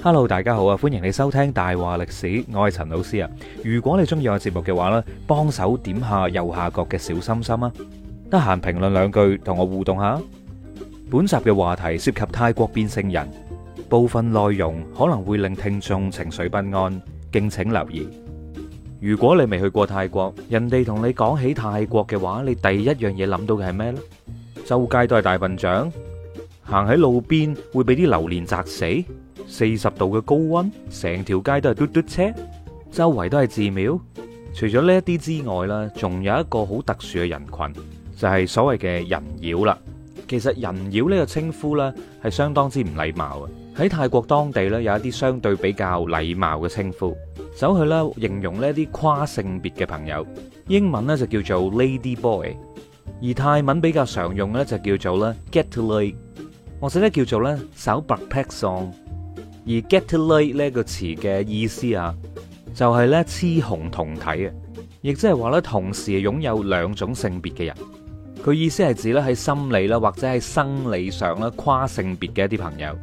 hello，大家好啊！歡迎你收聽大話歷史，我係陳老師啊。如果你中意我節目嘅話咧，幫手點下右下角嘅小心心啊。得閒評論兩句，同我互動下。本集嘅話題涉及泰國變性人，部分內容可能會令聽眾情緒不安，敬請留意。如果你未去過泰國，人哋同你講起泰國嘅話，你第一樣嘢諗到嘅係咩咧？周街都係大笨象，行喺路邊會俾啲榴蓮砸死。四十度嘅高溫，成條街都係嘟嘟車，周圍都係寺廟。除咗呢一啲之外啦，仲有一個好特殊嘅人群，就係所謂嘅人妖啦。其實人妖呢個稱呼咧，係相當之唔禮貌嘅。喺泰國當地咧，有一啲相對比較禮貌嘅稱呼，走去咧形容呢一啲跨性別嘅朋友，英文咧就叫做 Lady Boy，而泰文比較常用咧就叫做咧 get to lay，或者咧叫做咧手白 pack song。而 get to light 呢個詞嘅意思啊，就係咧雌雄同體啊，亦即係話咧同時擁有兩種性別嘅人。佢意思係指咧喺心理咧或者喺生理上咧跨性別嘅一啲朋友。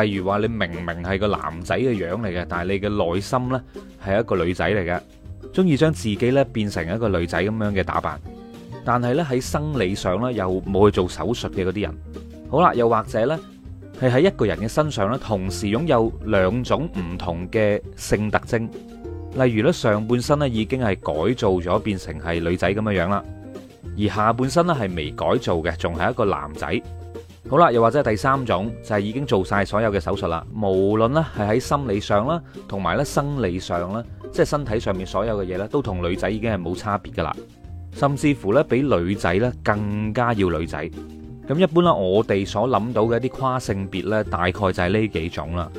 例如話你明明係個男仔嘅樣嚟嘅，但係你嘅內心咧係一個女仔嚟嘅，中意將自己咧變成一個女仔咁樣嘅打扮，但係咧喺生理上咧又冇去做手術嘅嗰啲人。好啦，又或者咧。係喺一個人嘅身上咧，同時擁有兩種唔同嘅性特徵，例如咧上半身咧已經係改造咗變成係女仔咁嘅樣啦，而下半身咧係未改造嘅，仲係一個男仔。好啦，又或者係第三種就係已經做晒所有嘅手術啦，無論咧係喺心理上啦，同埋咧生理上啦，即係身體上面所有嘅嘢咧，都同女仔已經係冇差別噶啦，甚至乎咧比女仔咧更加要女仔。咁一般啦，我哋所諗到嘅一啲跨性別咧，大概就係呢幾種啦。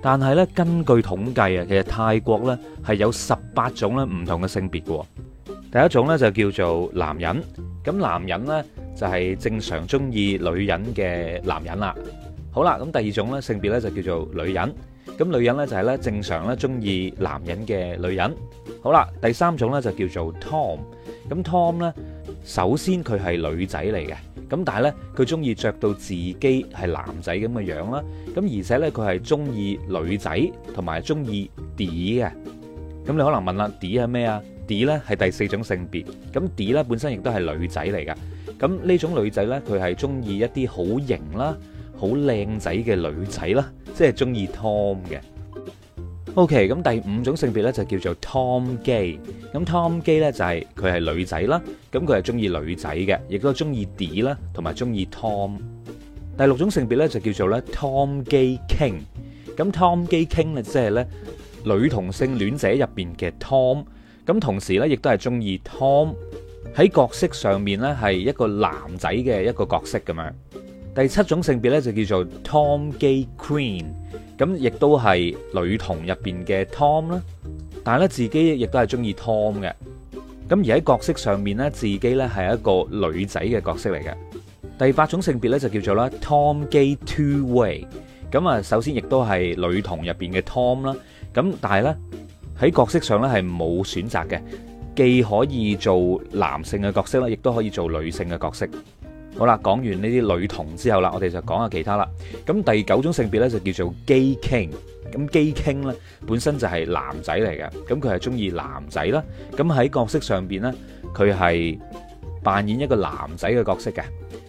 但係咧，根據統計啊，其實泰國咧係有十八種咧唔同嘅性別嘅。第一種咧就叫做男人，咁男人咧就係正常中意女人嘅男人啦。好啦，咁第二種咧性別咧就叫做女人，咁女人咧就係咧正常咧中意男人嘅女人。好啦，第三種咧就叫做 Tom，咁 Tom 咧首先佢係女仔嚟嘅。咁但係咧，佢中意著到自己係男仔咁嘅樣啦。咁而且咧，佢係中意女仔同埋中意 D 嘅。咁你可能問啦，D 係咩啊？D 咧係第四種性別。咁 D 咧本身亦都係女仔嚟㗎。咁呢種女仔咧，佢係中意一啲好型啦、好靚仔嘅女仔啦，即係中意 Tom 嘅。O.K. 咁第五種性別咧就叫做 Tom Gay。咁 Tom Gay 咧就係佢係女仔啦，咁佢係中意女仔嘅，亦都中意 D 啦，同埋中意 Tom。第六種性別咧就叫做咧 Tom Gay King。咁 Tom Gay King 咧即係咧女同性戀者入邊嘅 Tom。咁同時咧亦都係中意 Tom，喺角色上面咧係一個男仔嘅一個角色咁樣。第七種性別咧就叫做 Tom Gay Queen，咁亦都係女童入邊嘅 Tom 啦，但係咧自己亦都係中意 Tom 嘅。咁而喺角色上面咧，自己咧係一個女仔嘅角色嚟嘅。第八種性別咧就叫做啦 Tom Gay Two Way，咁啊首先亦都係女童入邊嘅 Tom 啦，咁但係咧喺角色上咧係冇選擇嘅，既可以做男性嘅角色啦，亦都可以做女性嘅角色。好啦，講完呢啲女同之後啦，我哋就講下其他啦。咁第九種性別咧就叫做 gay king。咁 gay king 咧本身就係男仔嚟嘅，咁佢係中意男仔啦。咁喺角色上邊咧，佢係扮演一個男仔嘅角色嘅。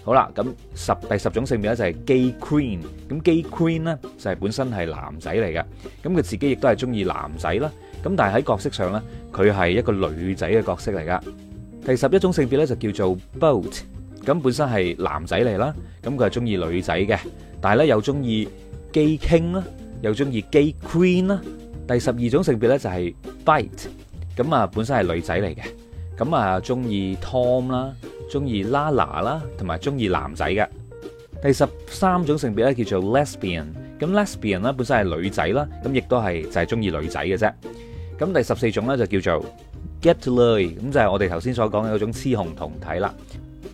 好啦，咁十第十種性別咧就係 gay queen。咁 gay queen 咧就係本身係男仔嚟嘅，咁佢自己亦都係中意男仔啦。咁但係喺角色上咧，佢係一個女仔嘅角色嚟噶。第十一種性別咧就叫做 boat。咁本身係男仔嚟啦，咁佢係中意女仔嘅，但係咧又中意 gay king 啦，又中意 gay queen 啦。第十二種性別咧就係 bite，咁啊本身係女仔嚟嘅，咁啊中意 Tom 啦，中意 Lala 啦，同埋中意男仔嘅。第十三種性別咧叫做 lesbian，咁 lesbian 咧本身係女仔啦，咁亦都係就係中意女仔嘅啫。咁第十四種咧就叫做 get lay，咁就係我哋頭先所講嘅嗰種雌雄同體啦。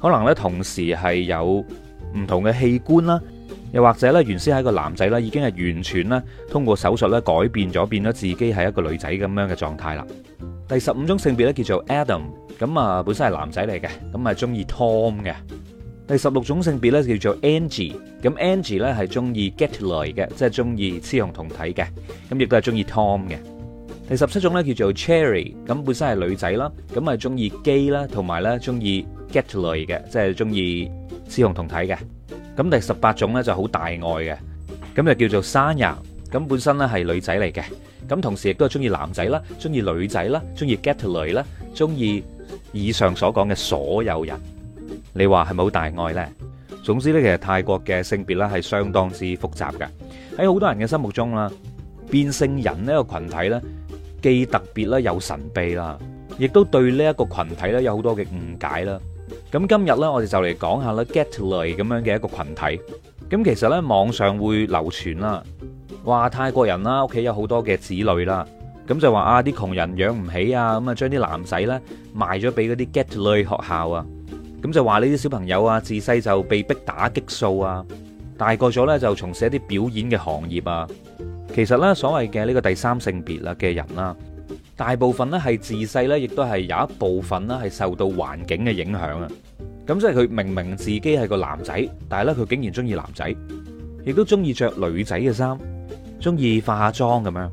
可能咧同時係有唔同嘅器官啦，又或者咧原先係一個男仔啦，已經係完全咧通過手術咧改變咗，變咗自己係一個女仔咁樣嘅狀態啦。第十五種性別咧叫做 Adam，咁啊本身係男仔嚟嘅，咁啊中意 Tom 嘅。第十六種性別咧叫做 Angie，咁 Angie 咧係中意 get 來嘅，即係中意雌雄同體嘅，咁亦都係中意 Tom 嘅。第十七種咧叫做 Cherry，咁本身係女仔啦，咁啊中意 gay 啦，同埋咧中意 get 類嘅，即係中意雌雄同體嘅。咁第十八種咧就好大愛嘅，咁就叫做 Sanya，咁本身咧係女仔嚟嘅，咁同時亦都係中意男仔啦，中意女仔啦，中意 get 類啦，中意以上所講嘅所有人。你話係咪好大愛咧？總之咧，其實泰國嘅性別咧係相當之複雜嘅。喺好多人嘅心目中啦，變性人呢個群體咧，既特別啦，又神秘啦，亦都對呢一個羣體咧有好多嘅誤解啦。咁今日咧，我哋就嚟講下啦 get 類咁樣嘅一個羣體。咁其實咧，網上會流傳啦，話泰國人啦屋企有好多嘅子女啦，咁就話啊啲窮人養唔起啊，咁啊將啲男仔咧賣咗俾嗰啲 get 類學校啊，咁就話呢啲小朋友啊自細就被逼打激素啊，大個咗咧就從事一啲表演嘅行業啊。其實咧，所謂嘅呢個第三性別啦嘅人啦，大部分咧係自細咧，亦都係有一部分啦係受到環境嘅影響啊。咁即係佢明明自己係個男仔，但係呢，佢竟然中意男仔，亦都中意着女仔嘅衫，中意化下妝咁樣。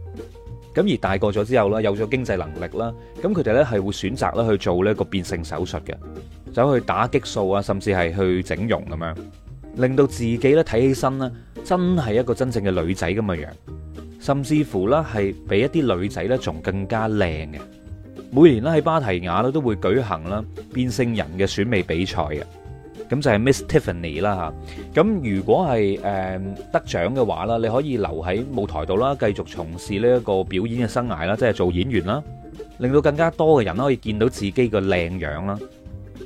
咁而大個咗之後咧，有咗經濟能力啦，咁佢哋咧係會選擇咧去做呢個變性手術嘅，走去打激素啊，甚至係去整容咁樣，令到自己咧睇起身咧。真係一個真正嘅女仔咁嘅樣，甚至乎啦係比一啲女仔咧仲更加靚嘅。每年咧喺芭提雅咧都會舉行啦變性人嘅選美比賽嘅，咁就係 Miss Tiffany 啦吓。咁如果係誒得獎嘅話啦，你可以留喺舞台度啦，繼續從事呢一個表演嘅生涯啦，即係做演員啦，令到更加多嘅人啦可以見到自己嘅靚樣啦。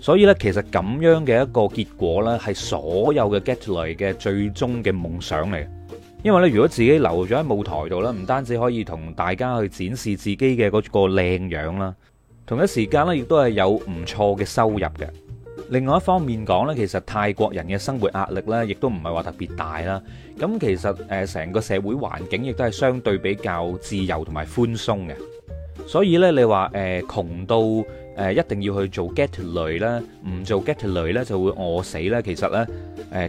所以呢，其實咁樣嘅一個結果呢，係所有嘅 get 嚟嘅最終嘅夢想嚟。因為呢，如果自己留咗喺舞台度呢，唔單止可以同大家去展示自己嘅嗰個靚樣啦，同一時間呢，亦都係有唔錯嘅收入嘅。另外一方面講呢，其實泰國人嘅生活壓力呢，亦都唔係話特別大啦。咁其實誒，成個社會環境亦都係相對比較自由同埋寬鬆嘅。所以咧，你話誒窮到誒一定要去做 get 雷啦，唔做 get 雷咧就會餓死咧。其實咧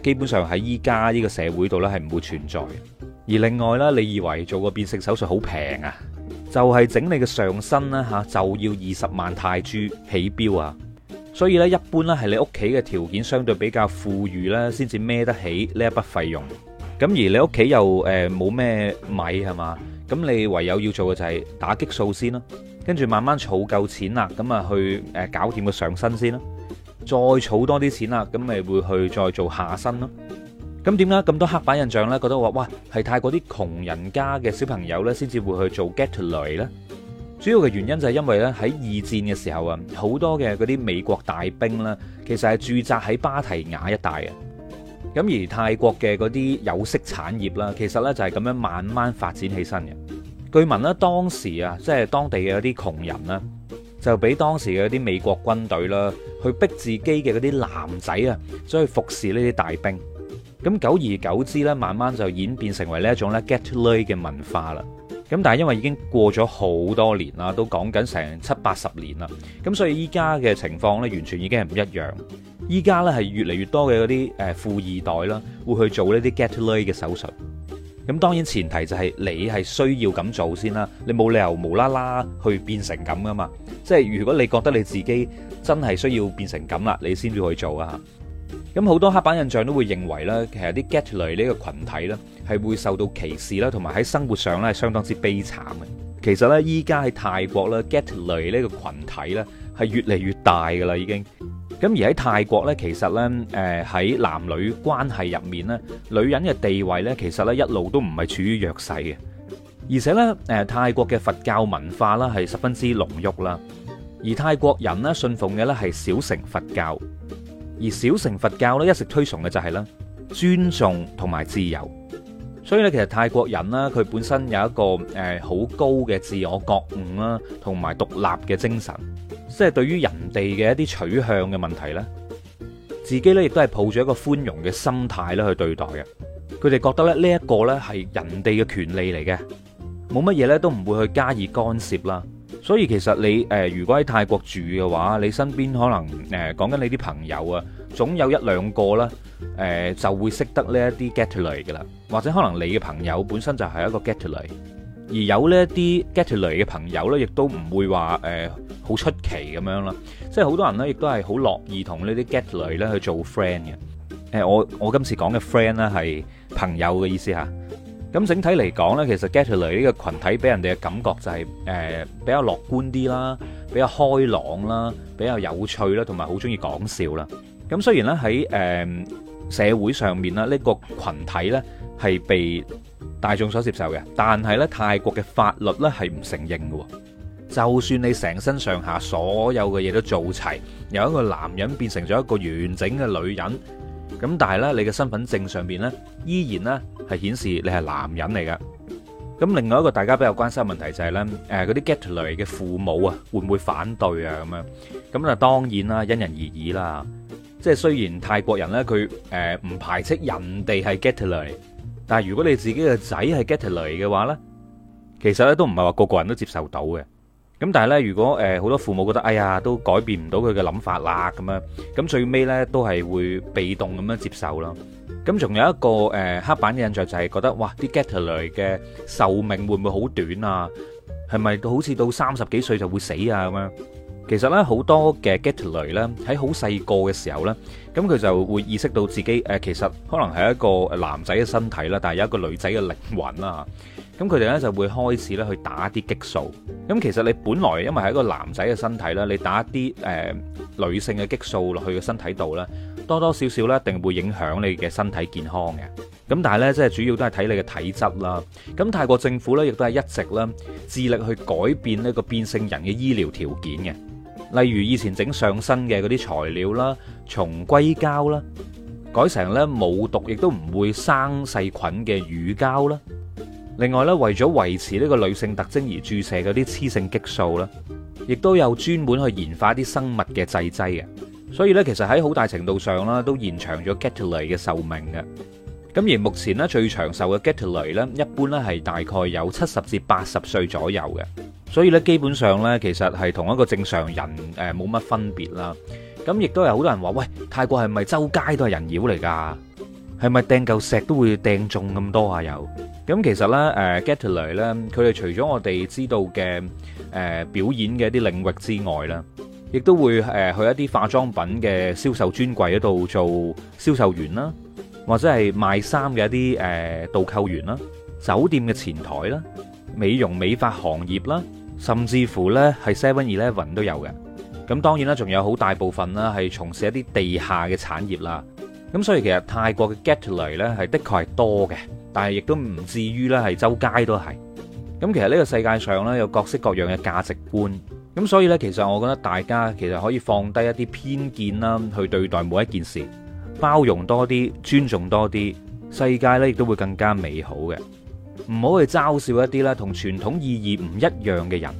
誒基本上喺依家呢個社會度咧係唔會存在。而另外咧，你以為做個變性手術好平啊？就係整你嘅上身啦嚇，就要二十萬泰銖起標啊。所以咧，一般咧係你屋企嘅條件相對比較富裕咧，先至孭得起呢一筆費用。咁而你屋企又誒冇咩米係嘛？是吧。咁你唯有要做嘅就係打激素先啦、啊，跟住慢慢儲夠錢啦，咁啊去搞掂個上身先啦、啊，再儲多啲錢啦，咁咪會去再做下身咯、啊。咁點解咁多黑板印象呢？覺得話哇係泰國啲窮人家嘅小朋友呢，先至會去做 get 雷呢，主要嘅原因就係因為呢，喺二戰嘅時候啊，好多嘅嗰啲美國大兵呢，其實係駐紮喺芭提雅一帶嘅。咁而泰國嘅嗰啲有色產業啦，其實呢就係咁樣慢慢發展起身嘅。據聞咧，當時啊，即係當地嘅嗰啲窮人咧，就俾當時嘅嗰啲美國軍隊啦，去逼自己嘅嗰啲男仔啊，走去服侍呢啲大兵。咁久而久之呢，慢慢就演變成為呢一種咧 get lay 嘅文化啦。咁但係因為已經過咗好多年啦，都講緊成七八十年啦，咁所以依家嘅情況咧，完全已經係唔一樣。依家咧係越嚟越多嘅嗰啲誒富二代啦，會去做呢啲 getlay 嘅手術。咁當然前提就係你係需要咁做先啦，你冇理由無啦啦去變成咁噶嘛。即係如果你覺得你自己真係需要變成咁啦，你先至去做啊。咁好多黑板印象都會認為咧，其實啲 get 雷呢個群體咧，係會受到歧視啦，同埋喺生活上咧係相當之悲慘嘅。其實咧，依家喺泰國咧，get 雷呢個群體咧係越嚟越大噶啦，已經。咁而喺泰國咧，其實咧，誒、呃、喺男女關係入面咧，女人嘅地位咧，其實咧一路都唔係處於弱勢嘅。而且咧，誒、呃、泰國嘅佛教文化啦，係十分之濃郁啦。而泰國人呢信奉嘅咧係小乘佛教。而小乘佛教咧，一直推崇嘅就係咧尊重同埋自由，所以咧其實泰國人啦，佢本身有一個誒好高嘅自我覺悟啦，同埋獨立嘅精神，即係對於人哋嘅一啲取向嘅問題咧，自己咧亦都係抱住一個寬容嘅心態咧去對待嘅，佢哋覺得咧呢一個咧係人哋嘅權利嚟嘅，冇乜嘢咧都唔會去加以干涉啦。所以其實你誒、呃，如果喺泰國住嘅話，你身邊可能誒講緊你啲朋友啊，總有一兩個啦，誒、呃、就會識得呢一啲 get 雷嘅啦，或者可能你嘅朋友本身就係一個 get 雷，而有呢一啲 get 雷嘅朋友呢，亦都唔會話誒好出奇咁樣啦，即係好多人呢，亦都係好樂意同呢啲 get 雷去做 friend 嘅。誒、呃，我我今次講嘅 friend 呢，係朋友嘅意思吓。咁整體嚟講咧，其實 Kathoey 呢個羣體俾人哋嘅感覺就係誒比較樂觀啲啦，比較開朗啦，比較有趣啦，同埋好中意講笑啦。咁雖然咧喺誒社會上面啦，呢個羣體咧係被大眾所接受嘅，但係咧泰國嘅法律咧係唔承認嘅。就算你成身上下所有嘅嘢都做齊，由一個男人變成咗一個完整嘅女人。咁但係咧，你嘅身份證上面咧依然咧係顯示你係男人嚟噶。咁另外一個大家比較關心嘅問題就係咧，誒嗰啲 gaytler 嘅父母啊會唔會反對啊咁樣？咁啊當然啦，因人而異啦。即係雖然泰國人咧佢誒唔排斥人哋係 gaytler，但係如果你自己嘅仔係 gaytler 嘅話咧，其實咧都唔係話個個人都接受到嘅。咁但係呢，如果誒好多父母覺得，哎呀，都改變唔到佢嘅諗法啦，咁樣，咁最尾呢都係會被動咁樣接受囉。咁仲有一個誒刻板嘅印象就係覺得，哇，啲 Gatley 嘅壽命會唔會好短啊？係咪到好似到三十幾歲就會死啊？咁樣，其實呢好多嘅 Gatley 呢喺好細個嘅時候呢，咁佢就會意識到自己誒其實可能係一個男仔嘅身體啦，但係有一個女仔嘅靈魂啦。咁佢哋呢就會開始呢去打啲激素，咁其實你本來因為係一個男仔嘅身體啦，你打啲、呃、女性嘅激素落去嘅身體度啦，多多少少呢一定會影響你嘅身體健康嘅。咁但係呢，即係主要都係睇你嘅體質啦。咁泰國政府呢亦都係一直啦，致力去改變呢個變性人嘅醫療條件嘅，例如以前整上身嘅嗰啲材料啦，從硅膠啦改成呢冇毒亦都唔會生細菌嘅乳膠啦。另外咧，為咗維持呢個女性特徵而注射嗰啲雌性激素咧，亦都有專門去研發啲生物嘅製劑嘅。所以咧，其實喺好大程度上咧，都延長咗 Gatoey 嘅壽命嘅。咁而目前咧，最長壽嘅 Gatoey 咧，一般咧係大概有七十至八十歲左右嘅。所以咧，基本上咧其實係同一個正常人誒冇乜分別啦。咁亦都有好多人話，喂，泰國係咪周街都係人妖嚟㗎？係咪掟嚿石都會掟中咁多啊？又咁其實咧，誒 Gatley 咧，佢哋除咗我哋知道嘅誒表演嘅一啲領域之外咧，亦都會誒去一啲化妝品嘅銷售專櫃喺度做銷售員啦，或者係賣衫嘅一啲誒導購員啦，酒店嘅前台啦，美容美髮行業啦，甚至乎咧係 Seven Eleven 都有嘅。咁當然啦，仲有好大部分啦，係從事一啲地下嘅產業啦。咁所以其實泰國嘅 get 嚟呢，係的確係多嘅，但係亦都唔至於呢係周街都係。咁其實呢個世界上呢，有各式各樣嘅價值觀，咁所以呢，其實我覺得大家其實可以放低一啲偏見啦，去對待每一件事，包容多啲，尊重多啲，世界呢亦都會更加美好嘅。唔好去嘲笑一啲呢同傳統意義唔一樣嘅人，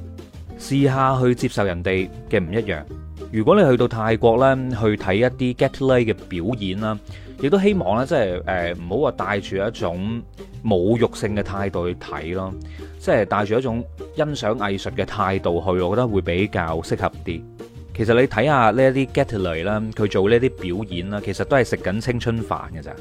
試下去接受人哋嘅唔一樣。如果你去到泰國呢，去睇一啲 Gatley 嘅表演啦，亦都希望呢，即係誒唔好話帶住一種侮辱性嘅態度去睇咯，即係帶住一種欣賞藝術嘅態度去，我覺得會比較適合啲。其實你睇下這些呢啲 Gatley 啦，佢做呢啲表演啦，其實都係食緊青春飯嘅咋，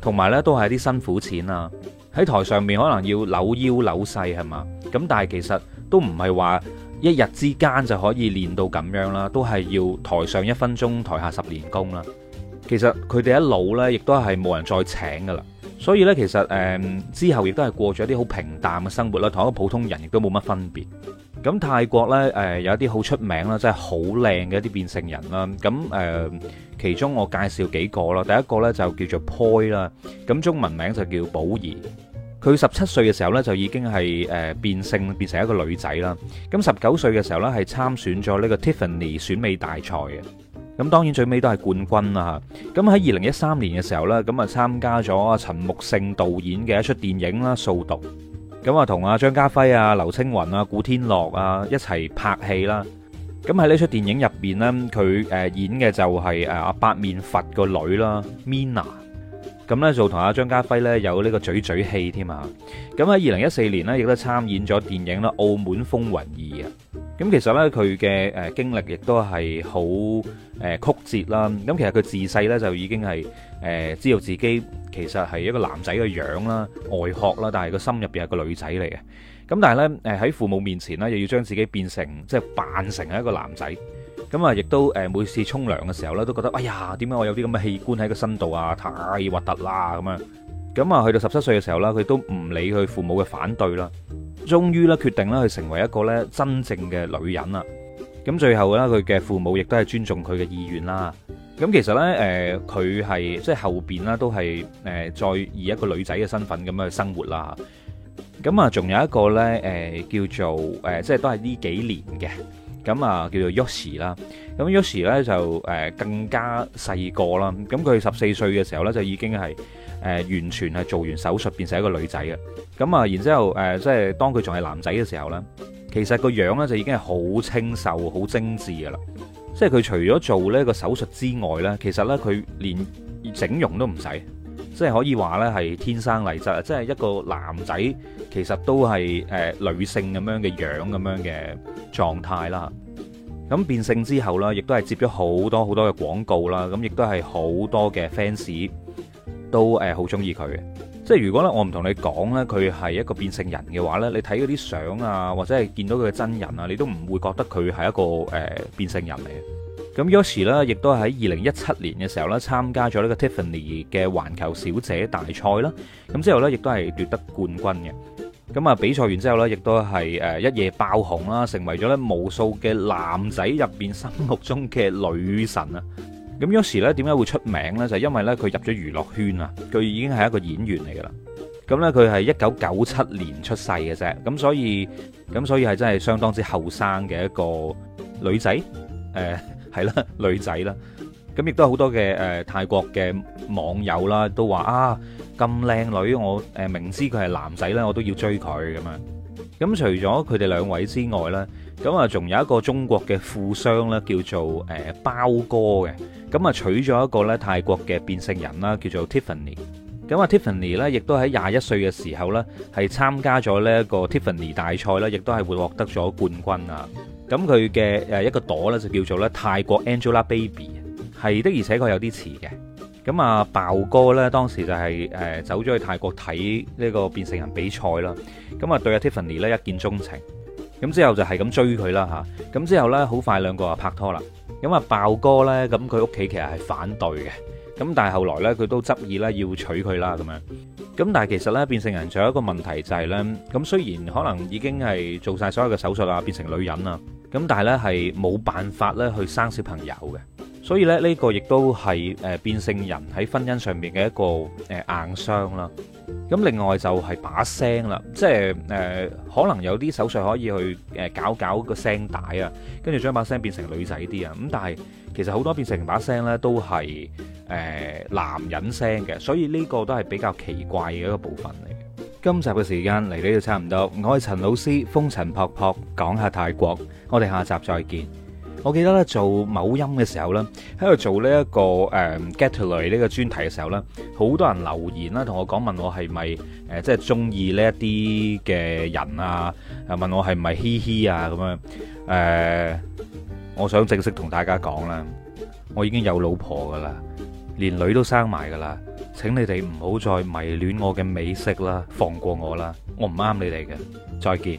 同埋呢都係啲辛苦錢啊！喺台上面可能要扭腰扭勢係嘛，咁但係其實都唔係話。一日之間就可以練到咁樣啦，都係要台上一分鐘，台下十年功啦。其實佢哋一老呢，亦都係冇人再請噶啦。所以呢，其實誒之後亦都係過咗一啲好平淡嘅生活啦，同一個普通人亦都冇乜分別。咁泰國呢誒有一啲好出名啦，真係好靚嘅一啲變性人啦。咁誒其中我介紹幾個啦，第一個呢就叫做 Poi 啦，咁中文名就叫寶兒。佢十七歲嘅時候呢，就已經係誒變性變成一個女仔啦。咁十九歲嘅時候呢，係參選咗呢個 Tiffany 選美大賽嘅。咁當然最尾都係冠軍啦。咁喺二零一三年嘅時候呢，咁啊參加咗陳木勝導演嘅一出電影啦《掃毒》。咁啊同啊張家輝啊、劉青雲啊、古天樂啊一齊拍戲啦。咁喺呢出電影入邊呢，佢誒演嘅就係誒阿八面佛個女啦，Mina。咁咧就同阿張家輝咧有呢個嘴嘴戲添啊！咁喺二零一四年呢，亦都參演咗電影啦《澳門風雲二》啊！咁其實呢，佢嘅誒經歷亦都係好誒曲折啦。咁其實佢自細呢，就已經係誒知道自己其實係一個男仔嘅樣啦、外殼啦，但係個心入邊係個女仔嚟嘅。咁但係呢，誒喺父母面前呢，又要將自己變成即係扮成一個男仔。咁啊，亦都誒每次沖涼嘅時候咧，都覺得哎呀，點解我有啲咁嘅器官喺個身度啊？太核突啦咁樣。咁啊，去到十七歲嘅時候咧，佢都唔理佢父母嘅反對啦，終於咧決定咧佢成為一個咧真正嘅女人啦！咁最後咧，佢嘅父母亦都係尊重佢嘅意願啦。咁其實咧誒，佢係即係後邊咧都係誒再以一個女仔嘅身份咁樣去生活啦。咁啊，仲有一個咧誒叫做誒，即係都係呢幾年嘅。咁啊，叫做 Yoshi 啦，咁 Yoshi 咧就誒、呃、更加細個啦。咁佢十四歲嘅時候咧，就已經係誒、呃、完全係做完手術變成一個女仔嘅。咁啊，然之後誒、呃，即係當佢仲係男仔嘅時候咧，其實個樣咧就已經係好清秀、好精緻嘅啦。即係佢除咗做呢個手術之外咧，其實咧佢連整容都唔使，即係可以話咧係天生麗質，即係一個男仔其實都係誒女性咁樣嘅樣咁樣嘅。狀態啦，咁變性之後咧，亦都係接咗好多好多嘅廣告啦，咁亦都係好多嘅 fans 都誒好中意佢。即係如果咧我唔同你講呢，佢係一個變性人嘅話呢，你睇嗰啲相啊，或者係見到佢嘅真人啊，你都唔會覺得佢係一個誒、呃、變性人嚟嘅。咁 Yoshi 呢，亦都喺二零一七年嘅時候呢，參加咗呢個 Tiffany 嘅環球小姐大賽啦，咁之後呢，亦都係奪得冠軍嘅。咁啊！比賽完之後咧，亦都係誒一夜爆紅啦，成為咗咧無數嘅男仔入邊心目中嘅女神啊！咁 Yoshi 咧點解會出名咧？就係因為咧佢入咗娛樂圈啊，佢已經係一個演員嚟噶啦。咁咧佢係一九九七年出世嘅啫，咁所以咁所以係真係相當之後生嘅一個女仔，誒係啦，女仔啦。咁亦都好多嘅誒、呃，泰國嘅網友啦，都話啊，咁靚女，我誒、呃、明知佢係男仔咧，我都要追佢咁樣。咁除咗佢哋兩位之外咧，咁啊仲有一個中國嘅富商咧，叫做誒、呃、包哥嘅，咁啊娶咗一個咧泰國嘅變性人啦，叫做 Tiffany。咁啊 Tiffany 咧，亦都喺廿一歲嘅時候咧，係參加咗呢一個 Tiffany 大賽啦，亦都係會獲得咗冠軍啊。咁佢嘅誒一個朵咧，就叫做咧泰國 Angelababy。係的，的，而且確有啲遲嘅。咁啊，爆哥呢，當時就係、是、誒、呃、走咗去泰國睇呢個變性人比賽啦。咁啊，對阿 Tiffany 呢，一見鐘情。咁之後就係咁追佢啦吓，咁、啊、之後呢，好快兩個啊拍拖啦。咁啊，爆哥呢，咁佢屋企其實係反對嘅。咁但係後來呢，佢都執意呢要娶佢啦咁樣。咁但係其實呢，變性人仲有一個問題就係、是、呢。咁雖然可能已經係做晒所有嘅手術啦，變成女人啦，咁但係呢，係冇辦法呢去生小朋友嘅。所以咧，呢個亦都係誒變性人喺婚姻上面嘅一個誒硬傷啦。咁另外就係把聲啦，即係誒可能有啲手術可以去誒搞搞個聲帶啊，跟住將把聲變成女仔啲啊。咁但係其實好多變成把聲咧都係誒男人聲嘅，所以呢個都係比較奇怪嘅一個部分嚟。今集嘅時間嚟到就差唔多，我係陳老師，風塵僕僕講下泰國，我哋下集再見。我記得咧做某音嘅時候咧，喺度做呢一個誒 getterly 呢個專題嘅時候咧，好多人留言啦，同我講問我係咪誒即係中意呢一啲嘅人啊？問我係咪嘻嘻啊咁樣？誒，我想正式同大家講啦，我已經有老婆㗎喇，連女都生埋㗎喇。請你哋唔好再迷戀我嘅美色啦，放過我啦，我唔啱你哋嘅，再見。